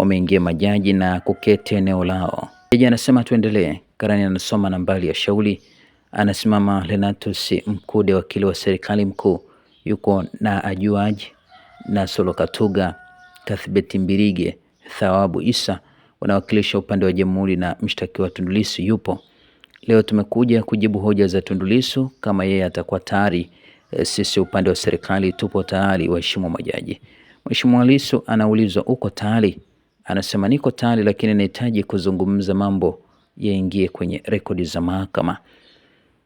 wameingia majaji na kuketi eneo lao. Jaji anasema tuendelee. Karani anasoma nambari ya shauli, anasimama Lenatus Mkude, wakili wa serikali mkuu, yuko na ajuaji na Katuga, Kathibeti Mbirige Thawabu Isa wanawakilisha upande wa jamhuri na mshtakiwa Tundu Lissu yupo. Leo tumekuja kujibu hoja za Tundu Lissu, kama yeye atakuwa tayari, eh, sisi upande wa serikali tupo tayari, waheshimiwa majaji. Mheshimiwa Lissu anaulizwa uko tayari? Anasema niko tayari, lakini nahitaji kuzungumza mambo yaingie kwenye rekodi za mahakama.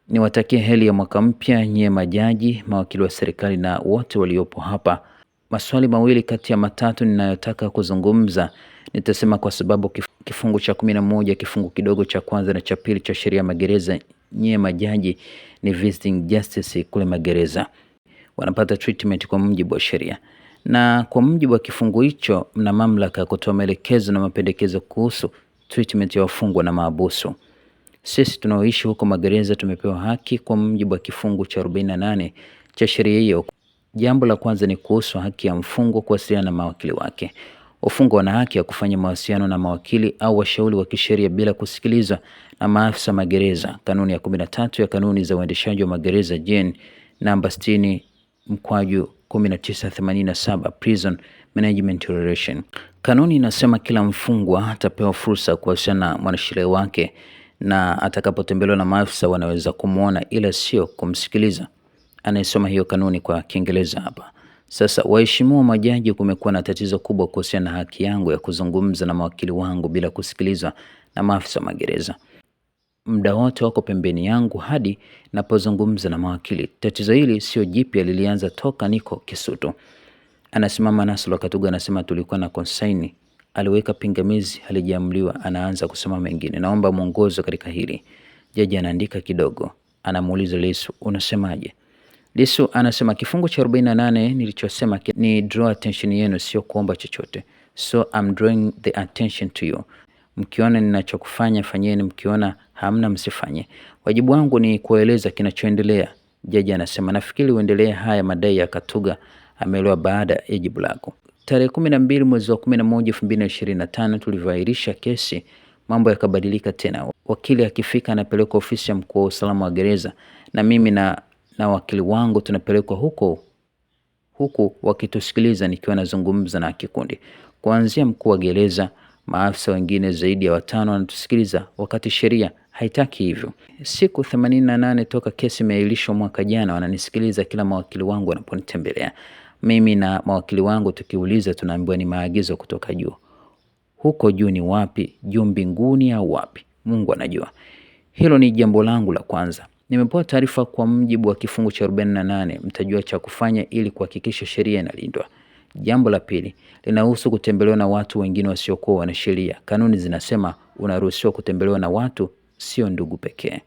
Niwatakie heri ya mwaka mpya nyie majaji, mawakili wa serikali na wote waliopo hapa. Maswali mawili kati ya matatu ninayotaka kuzungumza nitasema kwa sababu kifungu cha kumi na moja kifungu kidogo cha kwanza na cha pili cha sheria ya magereza, nyie majaji ni visiting justice kule magereza, wanapata treatment kwa mujibu wa sheria na kwa mujibu wa kifungu hicho mna mamlaka ya kutoa maelekezo na mapendekezo kuhusu treatment ya wafungwa na maabusu. Sisi tunaoishi huko magereza tumepewa haki kwa mujibu wa kifungu cha 48 cha sheria hiyo. Jambo la kwanza ni kuhusu haki ya mfungwa kuwasiliana na mawakili wake. Wafungwa wana haki ya kufanya mawasiliano na mawakili au washauri wa kisheria bila kusikilizwa na maafisa magereza. Kanuni ya 13 ya kanuni za uendeshaji wa magereza jen namba 60 mkwaju 1987 Prison Management Regulation. Kanuni inasema kila mfungwa atapewa fursa ya kuwasiliana na mwanasheria wake na atakapotembelewa na maafisa wanaweza kumwona ila sio kumsikiliza. Anayesoma hiyo kanuni kwa Kiingereza hapa. Sasa, waheshimiwa majaji, kumekuwa na tatizo kubwa kuhusiana na haki yangu ya kuzungumza na mawakili wangu bila kusikilizwa na maafisa magereza muda wote wako pembeni yangu hadi napozungumza na mawakili. Tatizo hili sio jipya, lilianza toka niko Kisutu. Anasimama Nasolo Katuga anasema tulikuwa na konsaini, aliweka pingamizi, halijamliwa. Anaanza kusema mengine, naomba mwongozo katika hili. Jaji anaandika kidogo, anamuuliza Lisu, unasemaje? Lisu anasema kifungu cha 48 nilichosema ni draw attention yenu, sio kuomba chochote. So I'm drawing the attention to you. Mkiona ninachokufanya fanyeni, mkiona hamna, msifanye. Wajibu wangu ni kueleza kinachoendelea. Jaji anasema nafikiri uendelee haya madai ya Katuga ameelewa baada ya jibu lako. Tarehe kumi na mbili mwezi wa kumi na moja elfu mbili na ishirini na tano tulivyoahirisha kesi, mambo yakabadilika tena. Wakili akifika anapelekwa ofisi ya mkuu wa usalama wa gereza, na mimi na, na wakili wangu tunapelekwa huko huku wakitusikiliza nikiwa nazungumza na kikundi. Kuanzia mkuu wa gereza, maafisa wengine zaidi ya watano wanatusikiliza, wakati sheria haitaki hivyo. Siku themanini na nane toka kesi imeahirishwa mwaka jana, wananisikiliza kila mawakili wangu wanaponitembelea mimi na mawakili wangu, tukiuliza tunaambiwa ni maagizo kutoka juu. Huko juu ni wapi? Juu mbinguni au wapi? Mungu anajua. Hilo ni jambo langu la kwanza. Nimepewa taarifa kwa mjibu wa kifungu cha 48, mtajua cha kufanya ili kuhakikisha sheria inalindwa. Jambo la pili linahusu kutembelewa na watu wengine wasiokuwa wanasheria. Kanuni zinasema unaruhusiwa kutembelewa na watu sio ndugu pekee,